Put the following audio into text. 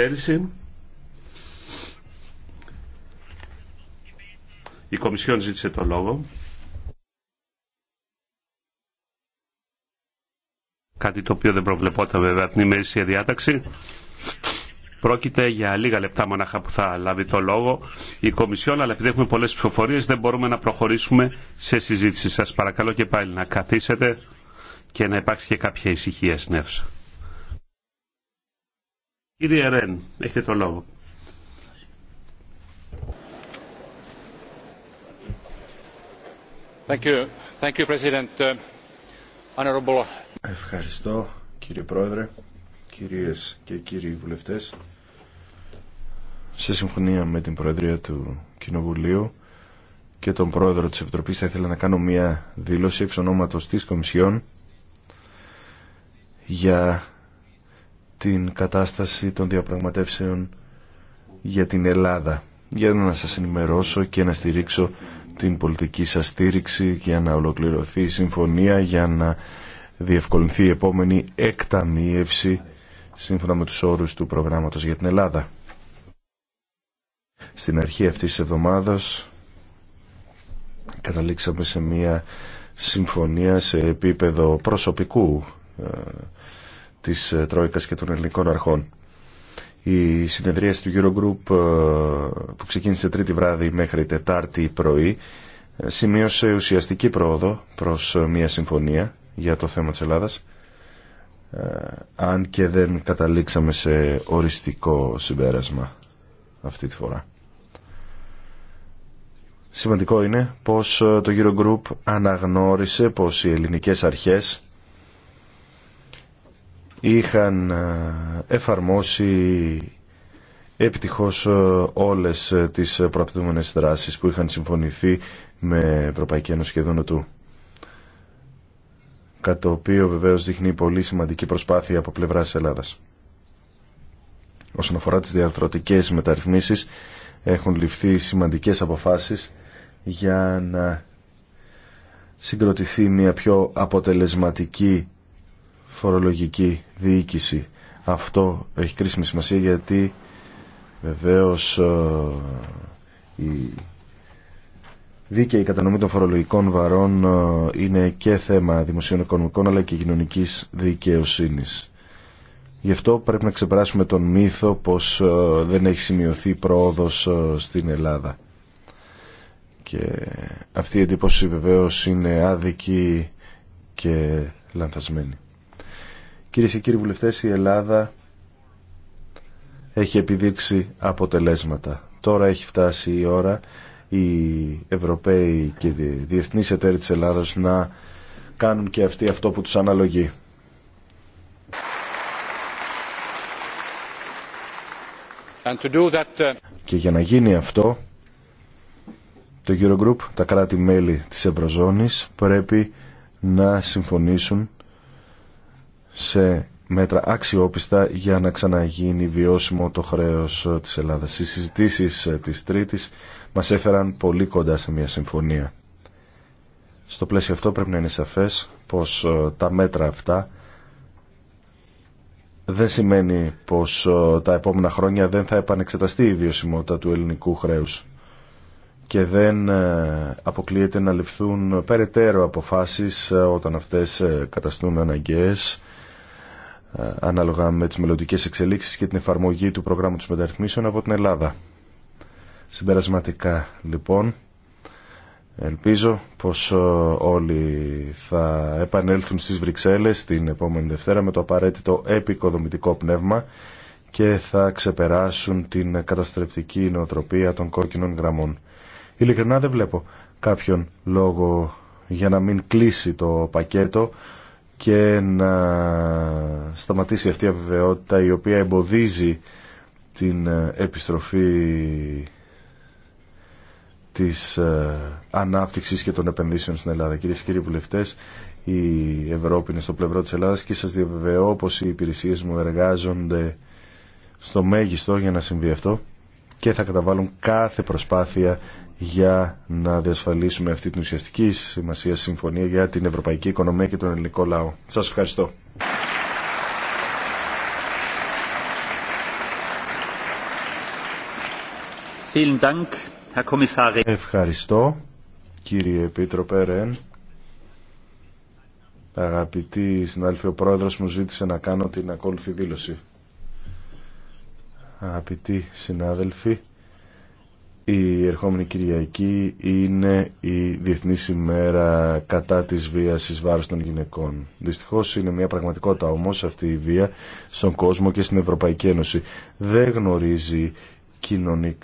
πέρυσι Η Κομισιόν ζήτησε το λόγο. Κάτι το οποίο δεν προβλεπόταν βέβαια από την ημερήσια διάταξη. Πρόκειται για λίγα λεπτά μονάχα που θα λάβει το λόγο η Κομισιόν, αλλά επειδή έχουμε πολλές ψηφοφορίες δεν μπορούμε να προχωρήσουμε σε συζήτηση. Σας παρακαλώ και πάλι να καθίσετε και να υπάρξει και κάποια ησυχία στην αίθουσα. Κύριε Ρεν, έχετε το λόγο. Thank you. Thank you, President. Uh, Honorable. Ευχαριστώ κύριε Πρόεδρε, κυρίες και κύριοι βουλευτές. Σε συμφωνία με την Προεδρία του Κοινοβουλίου και τον Πρόεδρο της Επιτροπής θα ήθελα να κάνω μια δήλωση εξ ονόματος της Κομισιόν για την κατάσταση των διαπραγματεύσεων για την Ελλάδα. Για να σας ενημερώσω και να στηρίξω την πολιτική σας στήριξη για να ολοκληρωθεί η συμφωνία, για να διευκολυνθεί η επόμενη εκταμίευση σύμφωνα με τους όρους του προγράμματος για την Ελλάδα. Στην αρχή αυτής της εβδομάδας καταλήξαμε σε μια συμφωνία σε επίπεδο προσωπικού ε, της ε, Τρόικας και των ελληνικών αρχών. Η συνεδρίαση του Eurogroup ε, που ξεκίνησε τρίτη βράδυ μέχρι τετάρτη πρωί ε, σημείωσε ουσιαστική πρόοδο προς μια συμφωνία για το θέμα της Ελλάδας αν και δεν καταλήξαμε σε οριστικό συμπέρασμα αυτή τη φορά. Σημαντικό είναι πως το Eurogroup αναγνώρισε πως οι ελληνικές αρχές είχαν ε, εφαρμόσει επιτυχώς ε, όλες ε, τις προαπτούμενες δράσεις που είχαν συμφωνηθεί με Ευρωπαϊκή Ένωση και ΔΝΤ. Κατά το οποίο βεβαίως δείχνει πολύ σημαντική προσπάθεια από πλευράς Ελλάδας. Όσον αφορά τις διαρθρωτικές μεταρρυθμίσεις, έχουν ληφθεί σημαντικές αποφάσεις για να συγκροτηθεί μια πιο αποτελεσματική φορολογική διοίκηση. Αυτό έχει κρίσιμη σημασία γιατί βεβαίως ε, η δίκαιη κατανομή των φορολογικών βαρών ε, είναι και θέμα δημοσίων οικονομικών αλλά και κοινωνικής δικαιοσύνης. Γι' αυτό πρέπει να ξεπεράσουμε τον μύθο πως ε, δεν έχει σημειωθεί πρόοδος στην Ελλάδα. Και αυτή η εντύπωση βεβαίως είναι άδικη και λανθασμένη. Κυρίε και κύριοι βουλευτέ, η Ελλάδα έχει επιδείξει αποτελέσματα. Τώρα έχει φτάσει η ώρα οι Ευρωπαίοι και οι διεθνείς εταίροι της Ελλάδος να κάνουν και αυτοί αυτό που τους αναλογεί. And uh, Και για να γίνει αυτό, το Eurogroup, τα κράτη-μέλη της Ευρωζώνης πρέπει να συμφωνήσουν σε μέτρα αξιόπιστα για να ξαναγίνει βιώσιμο το χρέος ε, της Ελλάδας. Οι συζητήσεις ε, της Τρίτης μας έφεραν πολύ κοντά σε μια συμφωνία. Στο πλαίσιο αυτό πρέπει να είναι σαφές πως ε, τα μέτρα αυτά δεν σημαίνει πως τα επόμενα χρόνια δεν θα επανεξεταστεί η βιωσιμότητα του ελληνικού χρέους και δεν αποκλείεται να ληφθούν περαιτέρω αποφάσεις όταν αυτές καταστούν αναγκαίες ε, ανάλογα με τις μελλοντικές εξελίξεις και την εφαρμογή του προγράμματος μεταρρυθμίσεων από την Ελλάδα. Συμπερασματικά λοιπόν, ελπίζω πως ε, όλοι θα επανέλθουν στις Βρυξέλλες την επόμενη Δευτέρα με το απαραίτητο επικοδομητικό πνεύμα και θα ξεπεράσουν την καταστρεπτική νοοτροπία των κόκκινων γραμμών. Ειλικρινά δεν βλέπω κάποιον λόγο για να μην κλείσει το πακέτο και να σταματήσει αυτή η αβεβαιότητα η οποία εμποδίζει την ε, επιστροφή της ε, ανάπτυξης και των επενδύσεων στην Ελλάδα. Κυρίες και κύριοι βουλευτές, η Ευρώπη είναι στο πλευρό της Ελλάδας και σας διαβεβαιώ πως οι υπηρεσίες μου εργάζονται στο μέγιστο για να συμβεί αυτό και θα καταβάλουν κάθε προσπάθεια για να διασφαλίσουμε αυτή την ουσιαστική σημασία συμφωνία για την ευρωπαϊκή οικονομία και τον ελληνικό λαό. Σας ευχαριστώ. Ευχαριστώ κύριε Επίτροπε Ρεν. Αγαπητοί συνάδελφοι, ο πρόεδρος μου ζήτησε να κάνω την ακόλουθη δήλωση. Αγαπητοί συνάδελφοι, η ερχόμενη Κυριακή είναι η διεθνή ημέρα κατά της βίας εις βάρος των γυναικών. Δυστυχώς είναι μια πραγματικότητα όμως αυτή η βία στον κόσμο και στην Ευρωπαϊκή Ένωση. Δεν γνωρίζει κοινωνικά